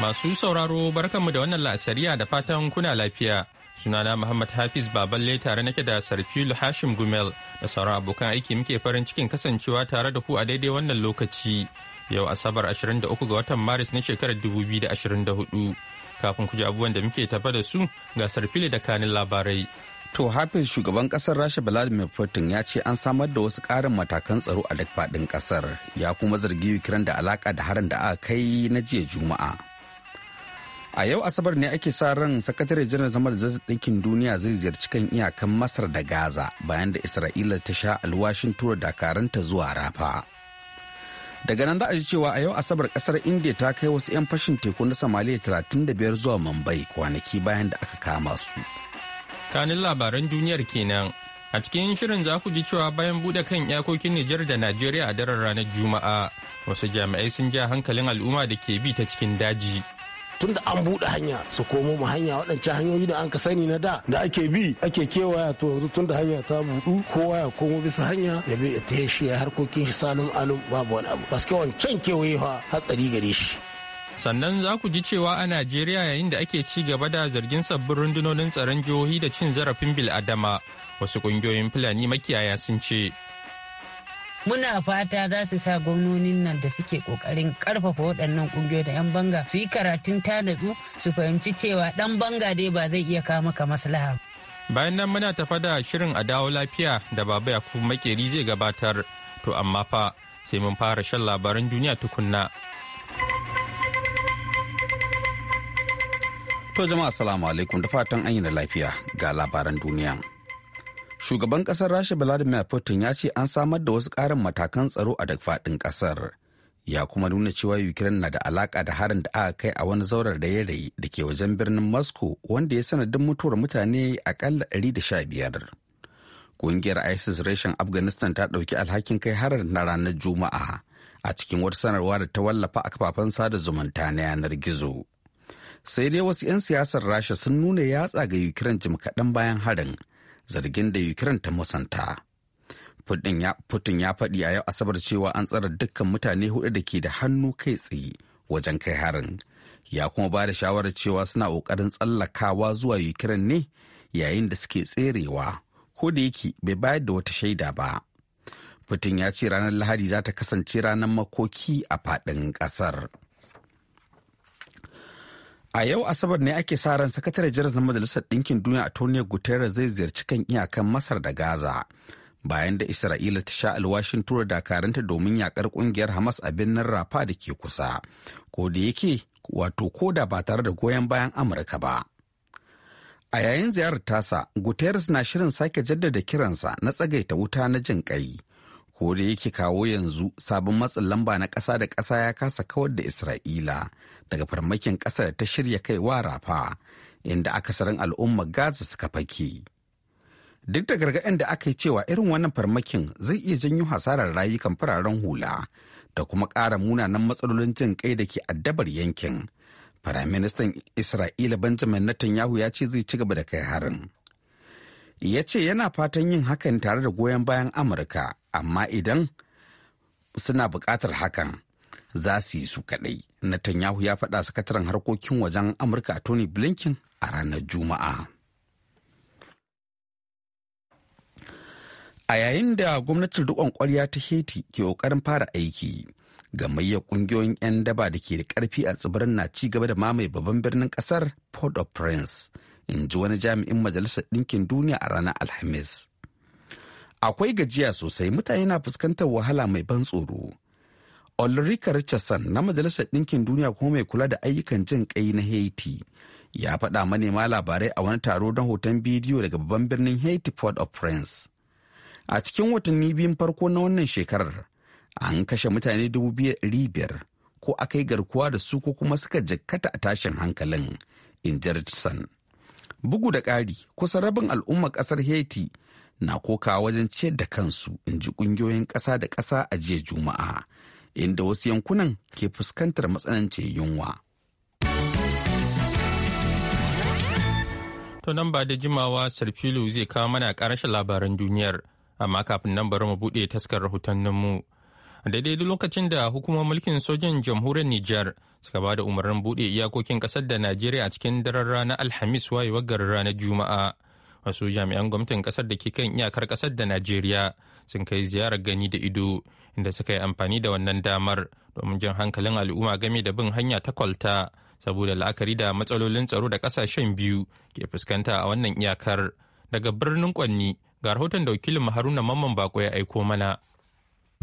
Masu sauraro barkanmu da wannan la'asariya da fatan kuna lafiya. Sunana Muhammad Hafiz Baballe tare nake da Sarfilu Hashim Gumel da sauran abokan aiki muke farin cikin kasancewa tare da ku a daidai wannan lokaci. Yau Asabar 23 ga watan Maris na shekarar 2024. Kafin ku ji abubuwan da muke tafa da su ga Sarfilu da kanin labarai. To Hafiz shugaban kasar Rasha Vladimir Putin ya ce an samar da wasu ƙarin matakan tsaro a duk faɗin kasar ya kuma zargi Ukraine da alaka da harin da aka kai na jiya Juma'a. a yau asabar ne ake sa ran sakatare janar zama da zata ɗinkin duniya zai ziyarci kan iyakan masar da gaza bayan da isra'ila ta sha alwashin tura dakaranta zuwa rafa daga nan za a ji cewa a yau asabar kasar india ta kai wasu 'yan fashin teku na samaliya 35 zuwa mumbai kwanaki bayan da aka kama su kanin labaran duniyar kenan a cikin shirin za ku ji cewa bayan bude kan iyakokin nijar da najeriya a daren ranar juma'a wasu jami'ai sun ja hankalin al'umma da ke bi ta cikin daji tunda an buɗe hanya su komo mu hanya waɗancan hanyoyi da an ka sani na da da ake bi ake kewaya to yanzu tunda hanya ta buɗu kowa ya komo bisa hanya ya bi ta shi ya harkokin shi salum alum babu wani abu paske wancan kewaye fa hatsari gare shi sannan za ku ji cewa a najeriya yayin da ake ci gaba da zargin sabbin rundunonin tsaron jihohi da cin zarafin bil'adama wasu ƙungiyoyin fulani makiyaya sun ce muna fata za su sa gwamnonin nan da suke kokarin karfafa waɗannan kungiyoyi da 'yan banga su yi karatun tanadu su fahimci cewa dan banga dai ba zai iya kawo maka maslaha bayan nan muna tafa da shirin a dawo lafiya da baba yakubu makeri zai gabatar to amma fa sai mun fara shan labaran duniya tukunna to jama'a assalamu alaikum da fatan an yi lafiya ga labaran duniya shugaban kasar rasha vladimir putin ya ce an samar da wasu ƙarin matakan tsaro a duk faɗin ƙasar. ya kuma nuna cewa ukraine na da alaƙa da harin da aka kai a wani zaurar da ya da ke wajen birnin moscow wanda ya sanadin mutuwar mutane sha 115 Ƙungiyar isis reshen afghanistan ta ɗauki alhakin kai harar na ranar juma'a a cikin wata sanarwa da ta wallafa a kafafen sada zumunta na yanar gizo sai dai wasu 'yan siyasar rasha sun nuna yatsa ga ukraine jim kaɗan bayan harin zargin da Ukraine ta musanta. Putin ya faɗi a yau Asabar cewa an tsare dukkan mutane hudu da ke da hannu kai tsaye wajen kai harin. Ya kuma ba da shawarar cewa suna ƙoƙarin tsallakawa zuwa Ukraine ne yayin da suke tserewa, ko da yake bai bayar da wata shaida ba. Putin ya ce ranar Lahadi za ta kasance ranar makoki a faɗin ƙasar. A yau Asabar ne ake sa ran sakatare jiras na Majalisar Ɗinkin Duniya Antonio Guterres zai ziyarci kan iyakan Masar da Gaza. Bayan da Isra'ila ta sha alwashin tura dakaranta domin yakar kungiyar Hamas a birnin Rafa da ke kusa, ko da yake wato ko da ba tare da goyon bayan Amurka ba. A yayin ziyarar tasa, Guterres na shirin sake jaddada kiransa na tsagaita wuta na jin ƙai ko da yake kawo yanzu sabon matsin lamba na ƙasa da ƙasa ya kasa kawar da isra'ila daga farmakin ƙasa da ta shirya kai wa rafa inda akasarin al'ummar gaza suka fake duk da gargaɗin da aka yi cewa irin wannan farmakin zai iya janyo hasarar rayukan fararen hula da kuma ƙara munanan matsalolin jin kai da ke addabar yankin firaministan isra'ila benjamin netanyahu ya ce zai ci gaba da kai harin ya ce yana fatan yin hakan tare da goyon bayan amurka amma idan suna buƙatar hakan za su yi su kaɗai netanyahu ya faɗa sakataren harkokin wajen amurka a tony blinken a ranar juma'a a yayin da gwamnatin riƙon ƙwarya ta haiti ke ƙoƙarin fara aiki gamayyar ƙungiyoyin 'yan daba da ke da ƙarfi a tsibirin na ci gaba da mamaye babban birnin ƙasar port au prince in ji wani jami'in majalisar ɗinkin duniya a ranar alhamis akwai gajiya sosai mutane na fuskantar wahala mai ban tsoro olrika Richardson na Majalisar Ɗinkin Duniya kuma mai kula da ayyukan jin kai na Haiti ya faɗa manema labarai a wani taro don hoton bidiyo daga babban birnin Haiti Port of Prince. A cikin watanni biyun farko na wannan shekarar, an kashe mutane biyar ko akai garkuwa da su ko kuma suka jikkata a tashin hankalin, in ji Richardson. bugu da ƙari kusa rabin al'ummar ƙasar haiti na kokawa wajen ciyar da kansu in ji ƙungiyoyin ƙasa da ƙasa a jiya juma'a inda wasu yankunan ke fuskantar matsanancin yunwa to nan ba da jimawa sarfilu zai kawo mana ƙarashin labaran duniyar amma kafin nan bari mu buɗe taskar rahotanninmu mu daidai lokacin da hukumar mulkin sojan jamhuriyar Nijar suka ba da umarnin buɗe iyakokin ƙasar da Najeriya a cikin daren ranar Alhamis wayewar garin ranar Juma'a. Wasu jami'an gwamnatin ƙasar da ke kan iyakar ƙasar da Najeriya sun kai ziyarar gani da ido inda suka yi amfani da wannan damar domin jan hankalin al'umma game da bin hanya ta kwalta saboda la'akari da matsalolin tsaro da ƙasashen biyu ke fuskanta a wannan iyakar. Daga birnin Kwanni ga rahoton da wakilin Haruna Mamman Bako ya aiko mana.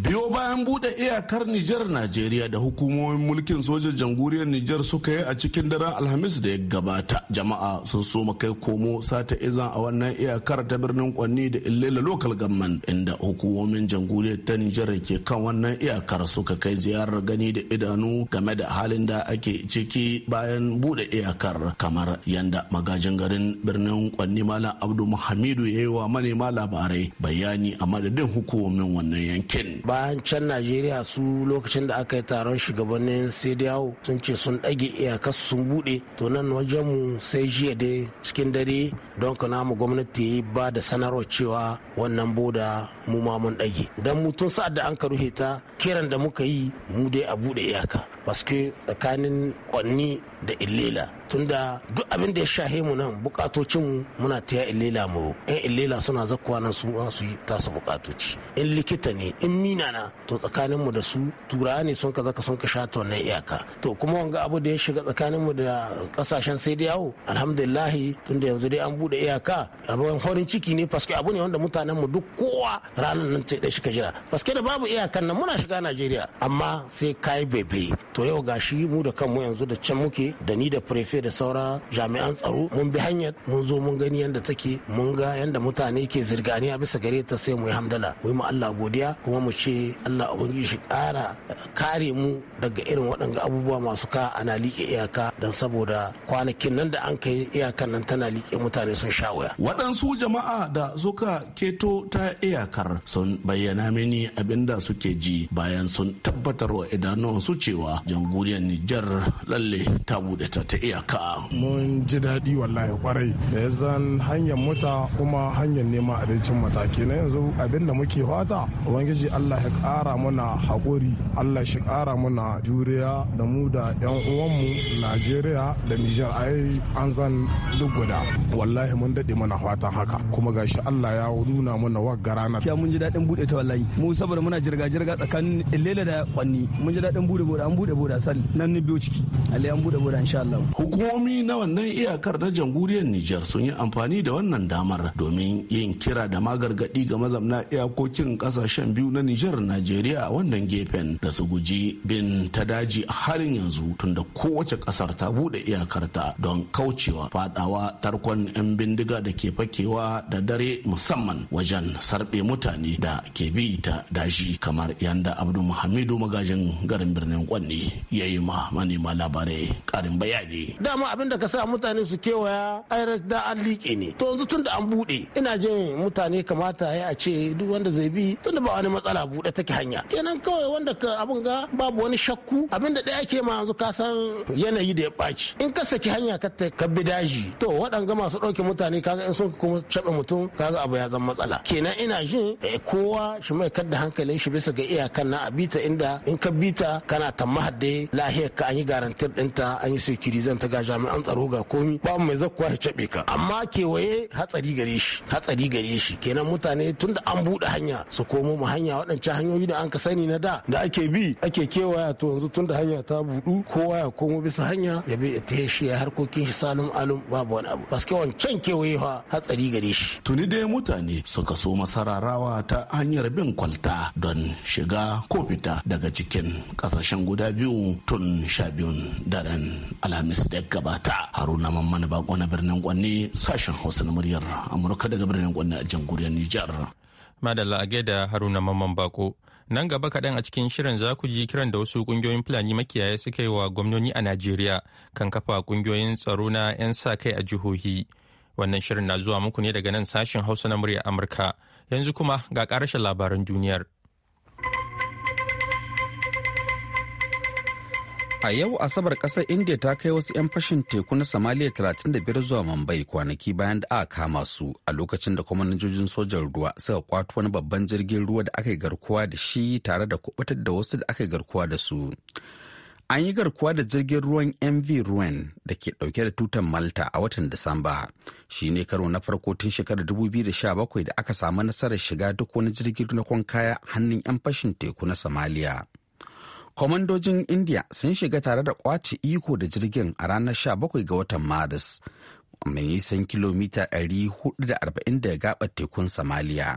biyo bayan bude iyakar Nijar Najeriya da hukumomin mulkin sojan jamhuriyar Nijar suka yi a cikin daren Alhamis da ya gabata. Jama'a sun so kai komo sata izan a wannan iyakar ta birnin Kwanni da Illela Local Government inda hukumomin jamhuriyar ta Nijar ke kan wannan iyakar suka kai ziyarar gani da idanu game da halin da ake ciki bayan bude iyakar kamar yanda magajin garin birnin Kwanni Malam Abdul Muhammadu ya yi wa manema labarai bayani a madadin hukumomin wannan yankin. bayan can najeriya su lokacin da aka yi taron shugabannin cdo sun ce sun ɗage iyakar sun buɗe to nan wajenmu sai jiya dai cikin dare don kana mu gwamnati yi ba da sanarwa cewa wannan boda mu ma mun ɗage don mu tun sa'ad da an ka ruhe ta kiran da muka yi mu dai a buɗe iyaka paske tsakanin kwanni da illela tunda duk abin da ya shahe mu nan bukatocin mu muna taya illela mu yan illela suna zakkuwa nan su su yi tasu bukatoci in likita ne in mina na to tsakanin mu da su turawa ne sun ka zaka sun ka sha wannan iyaka to kuma wanga abu da ya shiga tsakanin mu da kasashen sai da yawo alhamdulillah tunda yanzu dai an bude iyaka abin horin ciki ne paske abu ne wanda mutanen mu duk kowa ranar nan ta shi ka jira paske da babu iyakan nan muna shiga Najeriya amma sai kai bebe to yau gashi mu da kanmu yanzu da can muke da ni da prefe da saura jami'an tsaro mun bi hanyar mun zo mun gani yadda take mun ga yadda mutane ke a bisa gare ta sai mu yi hamdala mu yi mu Allah godiya kuma mu ce Allah ubangiji shi kara kare mu daga irin waɗanga abubuwa masu ka ana liƙe iyaka don saboda kwanakin nan da an kai iyakan nan tana liƙe mutane sun sha waya. Waɗansu jama'a da suka keto ta iyakar sun bayyana mini abin da suke ji bayan sun tabbatar wa idanuwansu cewa jamhuriyar Nijar lalle ta buɗe ta iyaka. Mun ji daɗi wallahi kwarai da ya zan hanyar mota kuma hanyar neman abincin mataki na yanzu abin da muke fata ubangiji Allah ya ƙara mana haƙuri Allah shi ƙara mana juriya da mu da 'yan uwanmu Najeriya da Nijar yi an zan duk guda wallahi mun daɗe mana fatan haka kuma gashi Allah ya nuna muna wagga ranar. Ya mun ji daɗin buɗe ta wallahi mu saboda muna jirga-jirga tsakanin lela da Kwanni mun ji daɗin buɗe boda an buɗe boda sal nan ni biyo ciki. Allah an buɗe boda guda insha Allah. Hukumomi na wannan iyakar na jamhuriyar Nijar sun yi amfani da wannan damar domin yin kira da magargadi ga mazamna iyakokin kasashen biyu na Nijar Najeriya a wannan gefen da su guji bin ta daji a halin yanzu tunda kowace kasar ta bude iyakarta don kaucewa fadawa tarkon 'yan bindiga da ke fakewa da dare musamman wajen sarbe mutane da ke bi ta daji kamar yanda Abdul Muhammadu magajin garin birnin kwanni ya yi ma manema labarai ƙarin bayani dama abin da ka sa mutane su kewaya ayar da an liƙe ne to yanzu tun da an buɗe ina jin mutane kamata ya a ce duk wanda zai bi tun da ba wani matsala buɗe take hanya kenan kawai wanda ka abin ga babu wani shakku abin da ɗaya ke ma yanzu ka san yanayi da ya ɓaci in ka saki hanya ka ka bi daji to waɗanga masu ɗauke mutane kaga in sun kuma caɓe mutum kaga abu ya zama matsala kenan ina jin eh, kowa shi mai kadda hankalin shi bisa ga iyakan na a bita inda in ka bita kana tamahar da lahiyar ka an yi garantir ɗinta an an yi sirkiri zan taga jami'an tsaro ga komi ba mai zakkuwa ya cabe ka amma kewaye hatsari gare shi hatsari gare shi kenan mutane tun da an buɗe hanya su komo mu hanya waɗancan hanyoyi da an ka sani na da da ake bi ake kewaya to yanzu tun da hanya ta buɗu kowa ya komo bisa hanya ya bi ta shi ya harkokin shi salum alum babu wani abu paske wancan kewaye fa hatsari gare shi tuni dai mutane suka so masararawa ta hanyar bin kwalta don shiga ko fita daga cikin kasashen guda biyu tun sha biyun daren alhamis da gabata haruna mamman bako na birnin kwanne sashen hausa na muryar amurka daga birnin kwanne a jamhuriyar nijar madalla a gaida haruna mamman bako nan gaba kaɗan a cikin shirin za ku ji kiran da wasu ƙungiyoyin fulani makiyaya suka yi wa gwamnoni a najeriya kan kafa ƙungiyoyin tsaro na 'yan sa kai a jihohi wannan shirin na zuwa muku ne daga nan sashen hausa na murya amurka yanzu kuma ga ƙarashin labaran duniyar. A yau Asabar kasar India ta kai wasu 'yan fashin teku na Somalia 35 zuwa Mumbai kwanaki bayan da aka kama su a lokacin da kwamanojin sojan ruwa suka kwato wani babban jirgin ruwa da aka yi garkuwa da shi tare da kubutar da wasu da aka yi garkuwa da su. An yi garkuwa da jirgin ruwan MV Ruwan da ke dauke da tutan Malta a watan Disamba. Shi ne karo na farko tun shekarar 2017 da aka samu nasarar shiga duk wani jirgin na kwan kaya hannun 'yan fashin teku na Somalia. kwamandojin india sun shiga tare da kwace iko da jirgin a ranar 17 ga watan maris mai nisan kilomita 440 daga gabar tekun samaliya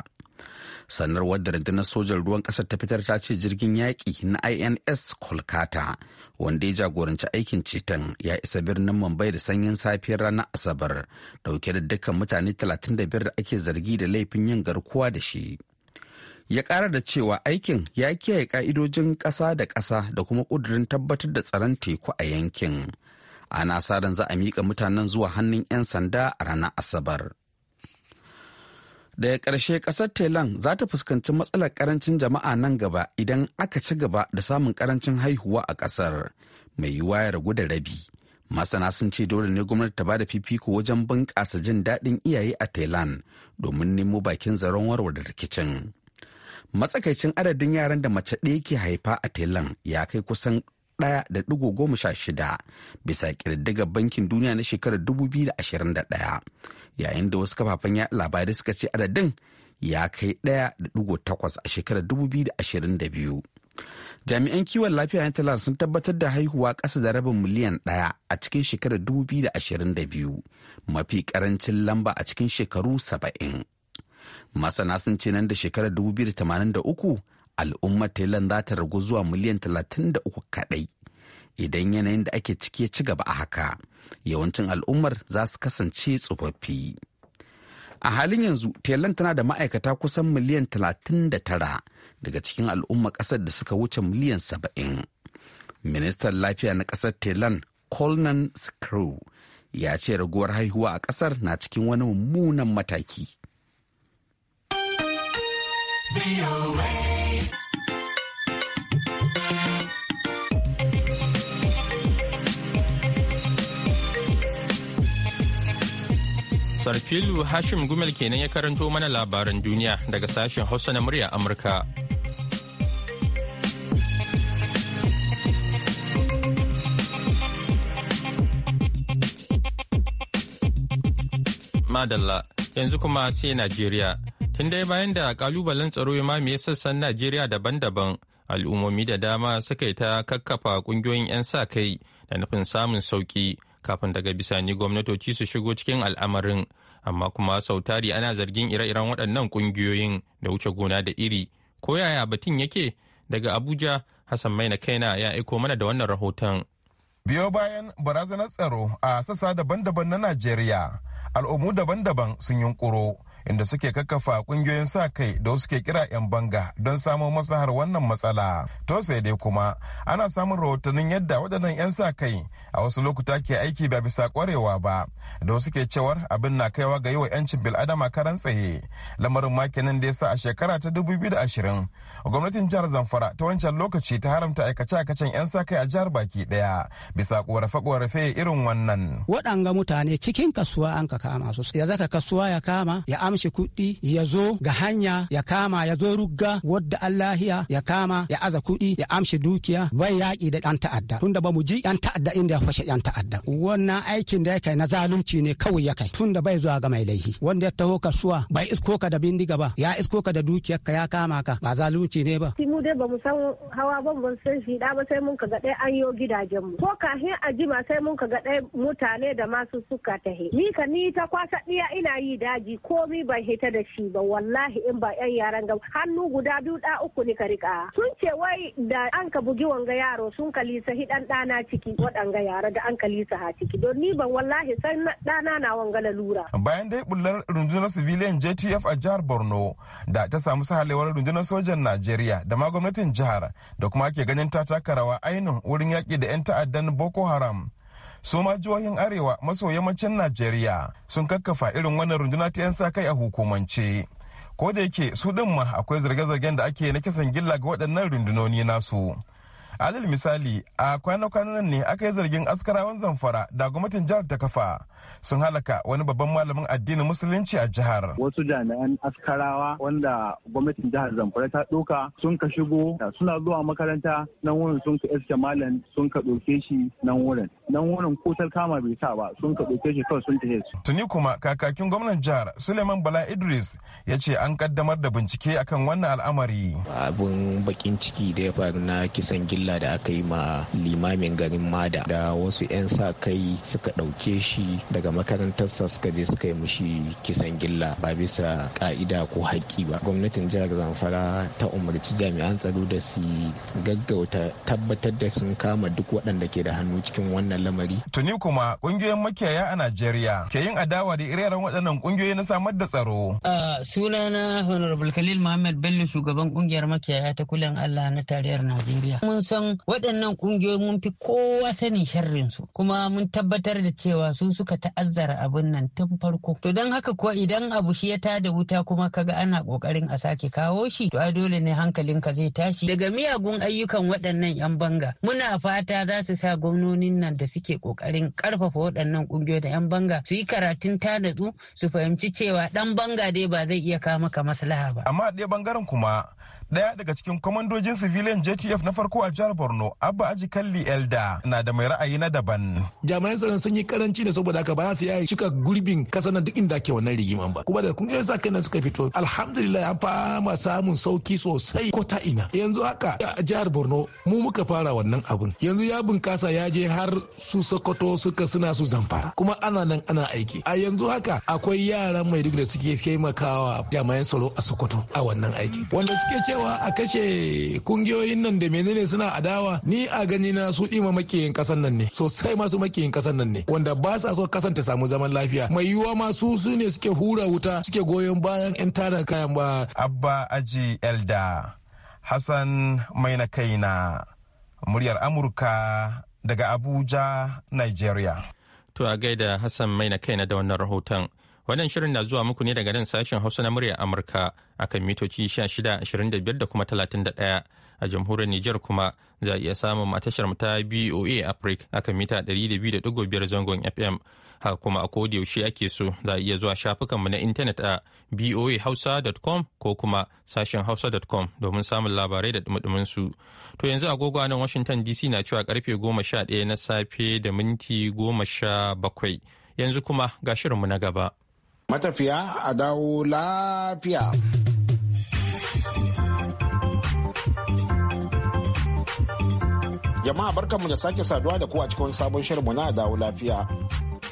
sanarwar da rundunar sojan ruwan kasar ta fitar ta ce jirgin yaƙi na ins kolkata wanda ya jagoranci aikin ceton ya isa birnin mumbai da sanyin safiyar ranar asabar dauke da dukkan mutane 35 da ake zargi da laifin yin garkuwa da shi ya ƙara da cewa aikin ya kiyaye ƙa'idojin ƙasa da ƙasa da kuma ƙudurin tabbatar da tsaron teku a yankin ana sa ran za a miƙa mutanen zuwa hannun 'yan sanda a ranar asabar daga ƙarshe ƙasar thailand za ta fuskanci matsalar ƙarancin jama'a nan gaba idan aka ci gaba da samun ƙarancin haihuwa a ƙasar mai yiwuwa ya ragu da rabi masana sun ce dole ne gwamnati ta bada fifiko wajen bunƙasa jin daɗin iyaye a thailand domin nemo bakin zaren warware rikicin matsakaicin adadin yaran da mace ɗaya ke haifa a telan ya kai kusan da goma sha shida bisa ƙididdigar bankin duniya na shekarar 2021 yayin da wasu kafafen ya labarai suka ce adadin ya kai da takwas a shekarar 2022 jami'an kiwon lafiya na talan sun tabbatar da haihuwa ƙasa da rabin miliyan ɗaya a cikin shekarar 2022 mafi ƙarancin lamba a cikin shekaru saba'in. masana sun ce nan da shekarar 2083 al'ummar thailand za ta ragu zuwa miliyan 33 kaɗai idan yanayin da ake ciki ya ci gaba a haka yawancin al'ummar za su kasance tsofaffi a halin yanzu thailand tana da ma'aikata kusan miliyan 39 daga cikin al'ummar ƙasar da suka wuce miliyan 70 ministan lafiya na ƙasar thailand colnan screw ya ce raguwar haihuwa a ƙasar na cikin wani mummunan mataki Sarfilu Hashim Gumel kenan ya karanto mana labaran duniya daga sashen Hausa na murya Amurka. Madalla, yanzu kuma sai Najeriya. Tun dai bayan da kalubalen tsaro ya mamaye sassan Najeriya daban-daban, al'ummomi da dama suka yi ta kakkafa kungiyoyin 'yan sa kai da nufin samun sauki kafin daga bisani gwamnatoci su shigo cikin al'amarin. Amma kuma sautari ana zargin ire-iren waɗannan kungiyoyin da wuce gona da iri. Ko yaya batun yake daga Abuja, Hassan mai kai Kaina ya aiko mana da wannan rahoton. Biyo bayan barazanar tsaro a sassa daban-daban na Najeriya, al'ummu daban-daban sun yunkuro inda suke kakkafa kungiyoyin sa kai da wasu ke kira 'yan banga don samun maslahar wannan matsala to sai dai kuma ana samun rahotannin yadda waɗannan 'yan sa kai a wasu lokuta ke aiki ba bisa kwarewa ba da wasu ke cewar abin na kaiwa ga yiwa 'yancin bil'adama karan tsaye lamarin makinin da ya sa a shekara ta 2020 gwamnatin jihar zamfara ta wancan lokaci ta haramta aikace-aikacen 'yan sa kai a jihar baki daya bisa korafe-korafe irin wannan waɗanga mutane cikin kasuwa an ka kama su ya zaka kasuwa ya kama ya amshe kuɗi ya zo ga hanya ya kama ya zo rugga wadda allahiya ya kama ya aza kuɗi ya amshi dukiya bai yaƙi da ɗan ta'adda tunda ba mu ji ɗan ta'adda inda ya fashe ɗan ta'adda wannan aikin da ya kai na zalunci ne kawai ya kai tunda bai zuwa ga mai laifi wanda ya taho kasuwa bai isko ka da bindiga ba ya isko ka da dukiyar ka ya kama ka ba zalunci ne ba. mu dai ba mu san hawa ba mu san shi da ba sai mun ka ga an yo gidajen mu ko kafin a jima sai mun ka ga mutane da masu suka tahe ni ka ni ta kwasa ɗiya ina yi daji komi ba hita da shi ba wallahi in ba yan yaran ga hannu guda biyu da uku ne ka rika sun ce wai da an ka bugi wanga yaro sun kalisa hidan dana ciki waɗanga yara da an kalisa ha ciki don ni ban wallahi san dana na wanga lalura bayan dai bullar rundunar civilian JTF a jihar Borno da ta samu sahalewar rundunar sojan Najeriya da ma gwamnatin jihar da kuma ke ganin ta taka rawa ainihin wurin yaƙi da 'yan ta'addan Boko Haram su ma jihohin arewa maso yammacin najeriya sun kakkafa irin wannan runduna ta 'yan sa kai a hukumance ko da yake su ɗin ma akwai zarge-zargen da ake na kisan gilla ga waɗannan rundunoni nasu alal misali a kwana nan ne aka yi zargin askarawan zamfara da gwamnatin jihar ta kafa sun halaka wani babban malamin addinin musulunci a jihar wasu jami'an askarawa wanda gwamnatin jihar zamfara ta ɗauka sun ka shigo suna zuwa makaranta nan wurin sun ka iske malam sun ka ɗauke shi nan wurin nan wurin ko kama bai sa ba sun ka ɗauke shi kawai sun tafi su tuni kuma kakakin gwamnan jihar suleiman bala idris ya ce an kaddamar da bincike akan wannan al'amari abun bakin ciki da ya faru na kisan gilla illa da aka yi ma limamin garin mada da wasu 'yan sa kai suka ɗauke shi daga makarantarsa suka je suka yi mushi kisan gilla ba bisa ka'ida ko haƙƙi ba gwamnatin jihar zamfara ta umarci jami'an tsaro da su gaggauta tabbatar da sun kama duk waɗanda ke da hannu cikin wannan lamari tuni kuma ƙungiyoyin makiyaya a najeriya ke yin adawa da ire waɗannan ƙungiyoyi na samar da tsaro sunana honorable khalil muhammad bello shugaban ƙungiyar makiyaya ta kulen allah na tarayyar najeriya mun kusan waɗannan ƙungiyoyi mun fi kowa sanin sharrin su kuma mun tabbatar da cewa su suka ta'azzara abin nan tun farko to don haka kuwa idan abu shi ya tada wuta kuma ka ga ana ƙoƙarin a sake kawo shi to ai dole ne hankalinka zai tashi daga miyagun ayyukan waɗannan 'yan banga muna fata za su sa gwamnonin nan da suke ƙoƙarin ƙarfafa waɗannan ƙungiyoyi da 'yan banga su yi karatun ta su fahimci cewa ɗan banga dai ba zai iya kawo maka maslaha ba amma ɗaya bangaren kuma Daya daga cikin kwamandojin civilian JTF na farko a jihar Borno, Abba Aji Kalli Elda, na da mai ra'ayi na daban. Jami'an tsaron sun yi karanci da saboda haka ba su yi cika gurbin kasa na duk inda ke wannan rigiman ba. Kuma da kun ga sa kai suka fito, alhamdulillah an fama samun sauki sosai ko ta ina. Yanzu haka a jihar Borno mu muka fara wannan abun. Yanzu ya bunkasa ya je har su Sokoto suka suna su zamfara. Kuma ana nan ana aiki. A yanzu haka akwai yaran duk da suke taimakawa jami'an tsaro a Sokoto a wannan aiki. Wanda suke cewa cewa a kashe kungiyoyin nan da menene suna adawa ni a gani na su ɗima makiyin kasan nan ne sosai masu makiyin kasan nan ne wanda ba sa so kasanta ta samu zaman lafiya mai yiwuwa ma su su ne suke hura wuta suke goyon bayan 'yan tada kayan ba. Abba Aji Elda Hassan mai na kaina muryar Amurka daga Abuja, Nigeria. To a gaida Hassan mai na kaina da wannan rahoton. Wannan shirin na zuwa muku ne daga nan sashen Hausa na muryar Amurka akan mitoci 1625 da kuma 31 a jamhuriyar Nijar kuma za a iya samun matashar ta BOA Africa akan mita 200.5 zangon FM. ha kuma a koda yaushe ake so za a iya zuwa shafukanmu na intanet a boahausa.com ko kuma sashen hausa.com domin samun labarai da dumudumin su. To yanzu agogo nan Washington DC na cewa karfe 11 na safe da minti 17 yanzu kuma ga shirinmu na gaba. matafiya a dawo lafiya. Jama'a barkanmu da sake saduwa da ku a cikin sabon shirinmu na dawo lafiya.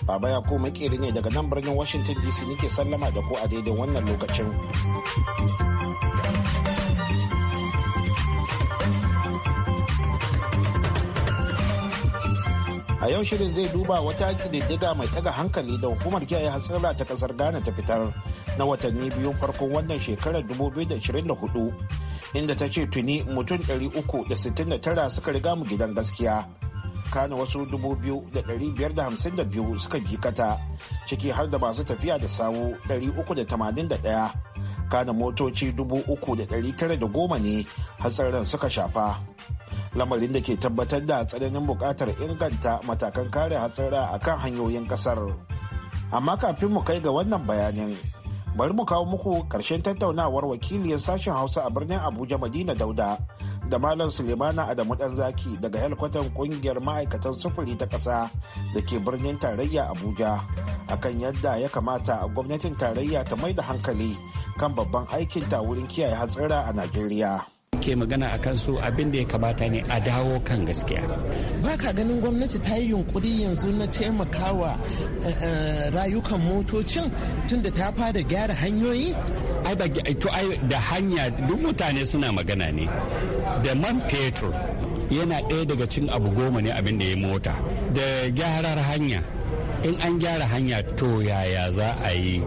Baba ya ko makeri ne daga nan birnin Washington DC nake sallama da ku a daidai wannan lokacin. a yau shirin zai duba wata ƙididdiga mai ɗaga hankali da hukumar kiyaye hatsara ta ƙasar ghana ta fitar na watanni biyun farkon wannan shekarar 2024 inda ta ce tuni mutum 369 suka riga mu gidan gaskiya kana wasu 2,552 suka jikata ciki har da masu tafiya da sawu 381 kana motoci 3,910 ne hatsarin suka shafa lamarin da ke tabbatar da tsananin buƙatar inganta matakan kare hatsara a kan hanyoyin ƙasar amma kafin mu kai ga wannan bayanin bari mu kawo muku ƙarshen tattaunawar wakiliyar sashen hausa a birnin abuja madina dauda da malam sulemana adamu dan zaki daga helkwatan ƙungiyar ma'aikatan sufuri ta ƙasa da ke birnin tarayya abuja akan yadda ya kamata gwamnatin tarayya ta mai da hankali kan babban aikin ta wurin kiyaye hatsara a najeriya ke magana a kansu abin da ya kamata ne a dawo kan gaskiya ba ka ganin gwamnati ta yi yunkuri yanzu na taimakawa eh, eh, rayukan motocin tunda ta fara gyara hanyoyi da hanya duk mutane suna magana ne da man fetur yana ɗaya daga cin abu goma ne abin da ya mota da gyarar hanya in an gyara hanya to yaya za a yi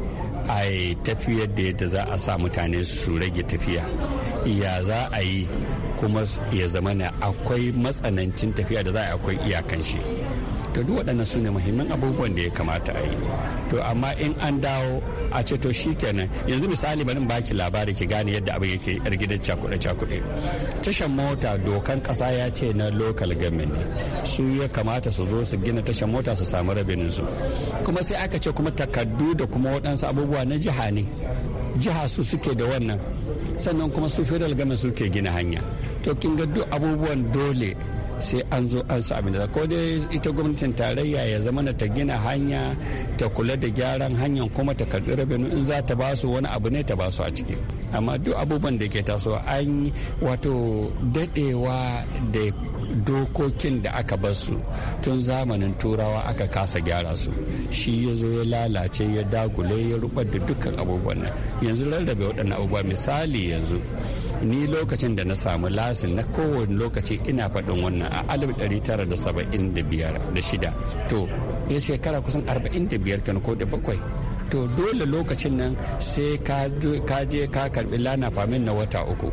a tafiyar da yadda za a sa mutane su rage tafiya ya za a yi kuma ya zama na akwai matsanancin tafiya da za a akwai iyakanshi shi to duk waɗannan su ne muhimman abubuwan da ya kamata a yi to amma in an dawo a ce to shi kenan yanzu misali bari in baki labari ki gane yadda abin yake yar gidan cakuɗe cakuɗe tashan mota dokan ƙasa ya ce na local government su ya kamata su zo su gina tashan mota su samu rabinin su kuma sai aka ce kuma takardu da kuma waɗansu abubuwa na jiha ne jiha su suke da wannan sannan kuma su federal gama suke gina hanya to kin ga duk abubuwan dole sai an zo an sa abin da ko dai ita gwamnatin tarayya ya zama na ta gina hanya ta kula da gyaran hanyar kuma ta karbi rabinu in za ta basu wani abu ne ta basu a ciki amma duk abubuwan da ke taso an wato dadewa da dokokin da aka bar su tun zamanin turawa aka kasa gyara su shi ya zo ya lalace ya dagule ya rubar da dukkan abubuwan nan yanzu rarrabe waɗannan abubuwa misali yanzu ni lokacin da na samu lasin na kowane lokaci ina faɗin wannan a 1975 da shida to ya shekara kusan 45 kan ko da bakwai to dole lokacin nan sai ka je ka karbi lana famin na wata uku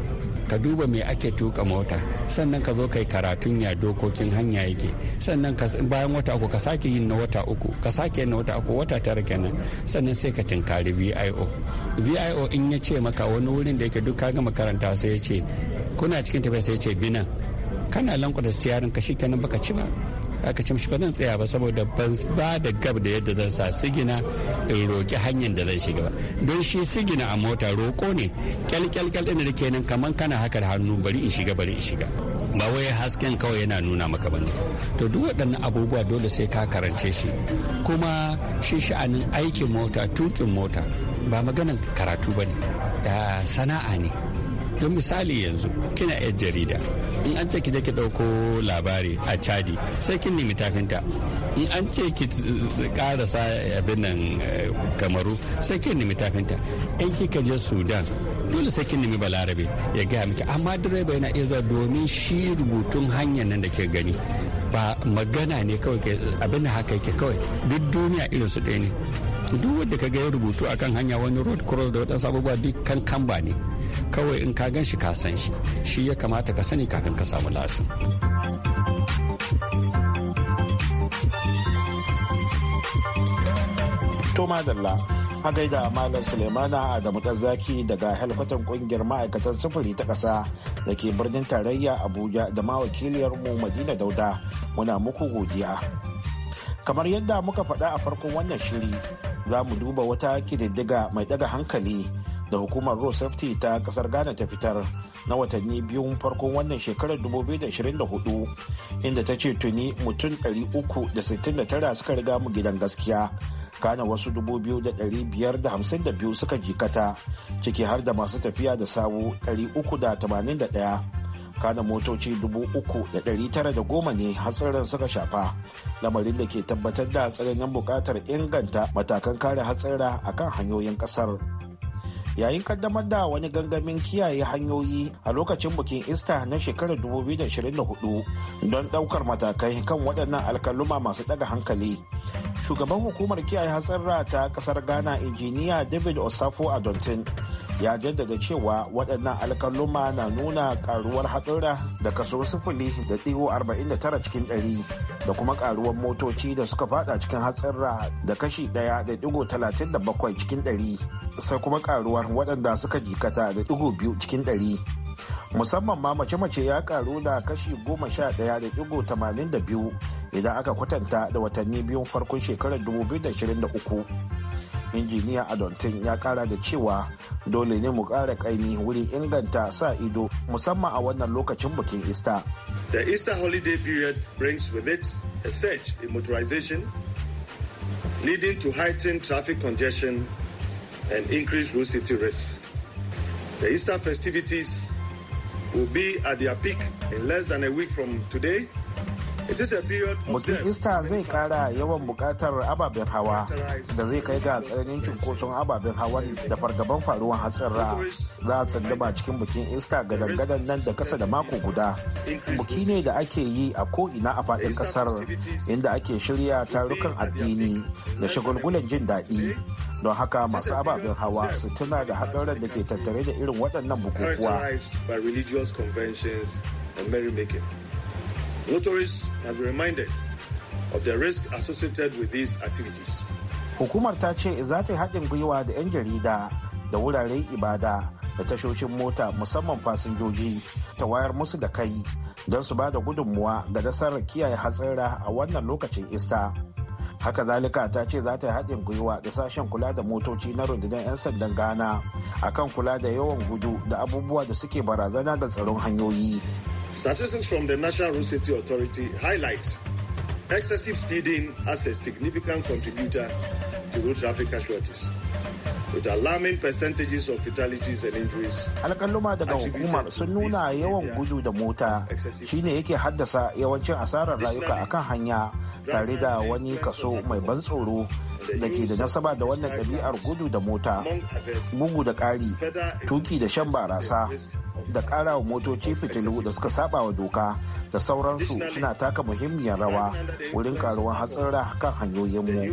ka duba me ake tuka mota sannan ka zo kai karatun ya dokokin hanya yake sannan bayan wata uku ka sake yin na wata uku ka sake yin na wata uku wata tara kenan sannan sai ka tinkari vio vio in ya ce maka wani wurin da yake duk ka gama karanta sai ya ce kuna cikin tafiya sai ya ce binan kana lankwata yaron ka shi kenan baka ci ba aka ce mishi ba zan tsaya ba saboda ban ba da gab da yadda zan sa sigina in roki hanyar da zan shiga ba don shi sigina a mota roko ne kyalkyalkyal ɗin da kenan kaman kana haka da hannu bari in shiga bari in shiga ba wai hasken kawai yana nuna maka ba ne to duk waɗannan abubuwa dole sai ka karance shi kuma shi sha'anin aikin mota tukin mota ba maganan karatu ba ne sana'a ne don misali yanzu kina yan jarida in an ce ki je ki dauko labari a chadi sai kin nemi takinta in an ce ki karasa abin nan eh, kamaru sai kin nemi takinta in kika je sudan dole sai kin nemi balarabe ya gaya miki amma direba yana iya domin shi rubutun hanyar nan da ke gani ba magana ne kawai abin da haka yake kawai duk duniya irin su ɗaya ne duk wanda ka ga ya rubutu akan hanya wani road cross da wadansu abubuwa duk kan kamba ne kawai in ka gan shi ka san shi shi ya kamata ka sani kafin ka samu lasin to madalla a gaida malam sulemana adamu zaki daga helkwatan kungiyar ma'aikatan sufuri ta ƙasa da ke birnin tarayya abuja da ma mu madina dauda muna muku godiya kamar yadda muka faɗa a farkon wannan shiri za mu duba wata kididdiga mai ɗaga hankali da hukumar road safety ta ƙasar ghana ta fitar na watanni biyun farkon wannan shekarar 2024 inda ta ce tuni mutum 369 suka riga mu gidan gaskiya kana wasu 2,552 suka jikata ciki har da masu tafiya da sawu 381 kana motoci 3,910 ne hatsarin suka shafa lamarin da ke tabbatar da tsananin bukatar inganta matakan kare hatsara a kan hanyoyin kasar yayin kaddamar da wani gangamin kiyaye hanyoyi a lokacin bikin ista na shekarar 2024 don daukar matakai kan waɗannan alkaluma masu ɗaga hankali shugaban hukumar kiyaye hatsarra ta kasar ghana injiniya david osafo adontin ya jaddada cewa waɗannan alkaluma na nuna karuwar haɗura da kaso sifili da ɗigo 49 cikin ɗari da kuma karuwar motoci da suka fada cikin hatsarra da kashi ɗaya da ɗigo 37 cikin ɗari sai kuma karuwar waɗanda suka jikata da ɗigo biyu cikin ɗari musamman ma mace-mace ya karu da kashi goma sha ɗaya da ɗigo tamanin da biyu idan aka kwatanta da watanni biyun farkon shekarar 2023 injiniya adontin ya kara da cewa dole ne mu kara kaimi inganta sa ido musamman a wannan lokacin bukin easter the easter holiday period brings with it a surge in motorization leading to heightened traffic congestion and increased road safety risks the easter festivities will be at their peak in less than a week from today Bukin Ista zai kara yawan bukatar ababen hawa da zai kai ga tsananin cunkoson ababen hawa da fargaban faruwar hatsarra za a tsandama cikin bikin Ista gadan-gadan nan da kasa da mako guda. Buki ne da ake yi a ko'ina a faɗin ƙasar inda ake shirya tarukan addini da shagulgulan jin daɗi. Don haka masu ababen hawa su tuna da haɗarin da ke tattare da irin waɗannan bukukuwa. and merrymaking. Motorists must be reminded of the risk associated with these activities. Hukumar ta ce za ta yi haɗin gwiwa da 'yan jarida da wuraren ibada da tashoshin mota musamman fasinjoji ta wayar musu da kai don su ba da gudunmuwa ga nasarar kiyaye hatsara a wannan lokacin ista. haka zalika ta ce za ta yi haɗin gwiwa da sashen kula da motoci na rundunar 'yan sandan ghana akan kula da yawan gudu da abubuwa da suke barazana ga tsaron hanyoyi Statistics from the National Road Safety Authority highlight excessive speeding as a significant contributor to road traffic casualties. with alarming percentages of fatalities and injuries. daga hukumar sun nuna yawan gudu da mota shine yake haddasa yawancin asarar rayuka akan hanya tare da wani kaso mai ban tsoro da ke da nasaba da wannan ɗabi'ar gudu da mota bugu da ƙari tuki da shan barasa da ƙara wa motoci fitilu da suka saba wa doka da sauransu suna taka muhimmiyar rawa wurin ƙaruwar hatsara kan hanyoyinmu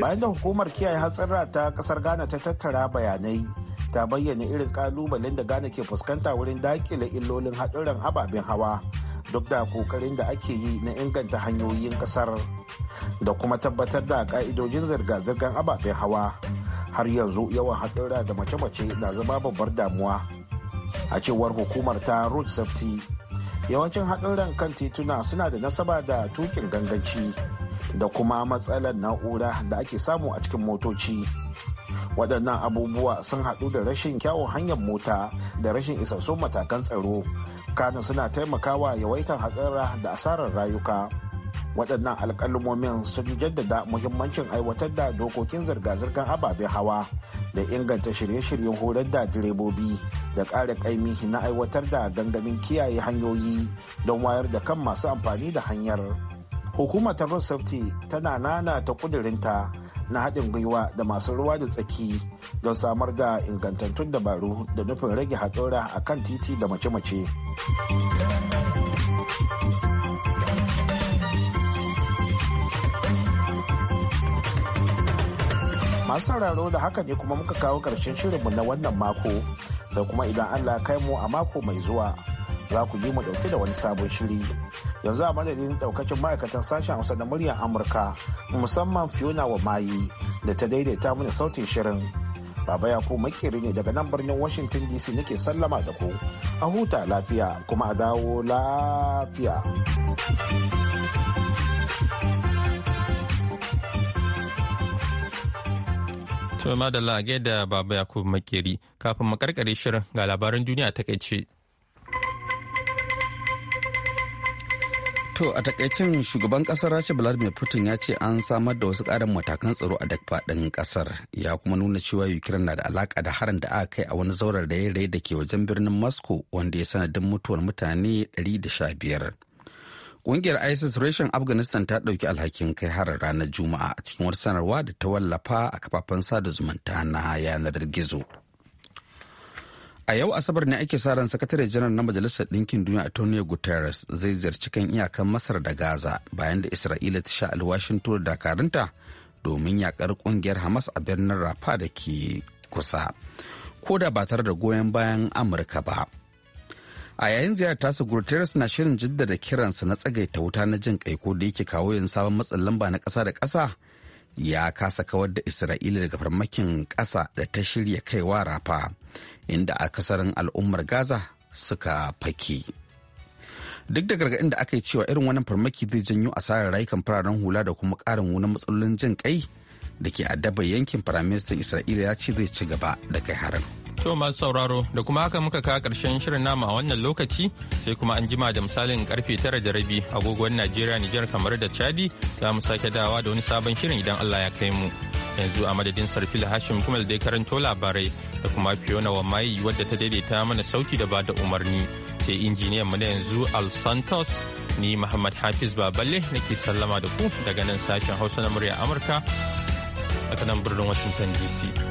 bayan da hukumar kiyaye hatsara ta ƙasar ghana ta tattara bayanai ta bayyana irin ƙalubalen da ghana ke fuskanta wurin dakile illolin haɗuran ababen hawa duk da kokarin da ake yi na inganta hanyoyin kasar da kuma tabbatar da ka'idojin zirga-zirgar ababen hawa har yanzu yawan haɗura da mace-mace na zama babbar damuwa a cewar hukumar ta road safety yawancin haɗuran kan tituna suna da nasaba da tukin ganganci da kuma matsalar na'ura da ake samu a cikin motoci waɗannan abubuwa sun haɗu da rashin kyawun hanyar mota da rashin isassun matakan tsaro kanin suna taimakawa yawaitan hatsara da asarar rayuka waɗannan alƙalumomin sun jaddada muhimmancin aiwatar da dokokin zirga-zirgar ababen hawa da inganta shirye-shiryen horar da direbobi da ƙara ƙaimi na aiwatar da gangamin kiyaye hanyoyi don wayar da kan masu amfani da hanyar hukumar road safety tana nana ta kudurinta na haɗin gwiwa da masu ruwa da tsaki don samar da ingantattun dabaru da nufin rage haɗura a kan titi da mace-mace. masu sauraro da haka ne kuma muka kawo ƙarshen shirinmu na wannan mako sai kuma idan allah kai mu a mako mai zuwa za ku yi mu ɗauke da wani sabon shiri. yanzu a madadin daukacin ma'aikatan sashen hausa na muryar amurka musamman fiona wa mayi da ta daidaita mini sautin shirin baba ya ku makeri ne daga nan birnin washington dc nake sallama da ku a huta lafiya kuma a dawo lafiya To madalla da baba Yakubu makeri kafin makarkare shirin ga labaran duniya ta takaice. To a takaicin shugaban kasar Rasha Vladimir Putin ya ce an samar da wasu ƙarin matakan tsaro a duk faɗin kasar ya kuma nuna cewa Ukraine na da alaka da harin da aka kai a wani zaurar da ya da ke wajen birnin Moscow wanda ya sanadin mutuwar mutane 115. Ƙungiyar ISIS reshen Afghanistan ta ɗauki alhakin kai harin ranar Juma'a a cikin wata sanarwa da ta wallafa a kafafen sada zumunta na yanar gizo. A yau Asabar ne ake sa ran sakatare janar na Majalisar Ɗinkin Duniya Antonio Guterres zai ziyarci kan iyakan Masar da Gaza bayan da Isra'ila ta sha alwashin tura dakarunta domin yakar kungiyar Hamas a birnin Rafa da ke kusa. Ko da ba tare da goyon bayan Amurka ba. A yayin ziyarar tasa Guterres na shirin jaddada kiransa na tsagaita wuta na jin kaiko da yake kawo yin sabon matsin lamba na ƙasa da ƙasa ya kasa kawar da Isra'ila daga farmakin ƙasa da ta shirya kaiwa Rafa. inda akasarin al'ummar gaza suka faki duk da gargaɗin da aka yi cewa irin wannan farmaki zai janyo asarar rayukan fararen hula da kuma ƙarin wani matsalolin jin ƙai da ke addaba yankin firaministan isra'ila ya ce zai ci gaba da kai harin to masu sauraro da kuma haka muka kawo ƙarshen shirin nama a wannan lokaci sai kuma an jima da misalin karfe tara da rabi agogon najeriya nijar kamar da chadi za mu sake dawa da wani sabon shirin idan allah ya kai mu yanzu a madadin sarfil hashim kuma da karanto labarai da kuma fiona wa mai wadda ta daidaita mana sauki da bada umarni sai injiniyan mu na yanzu al santos ni muhammad hafiz baballe nake sallama da ku daga nan sashen hausa na murya amurka a kanan birnin washington dc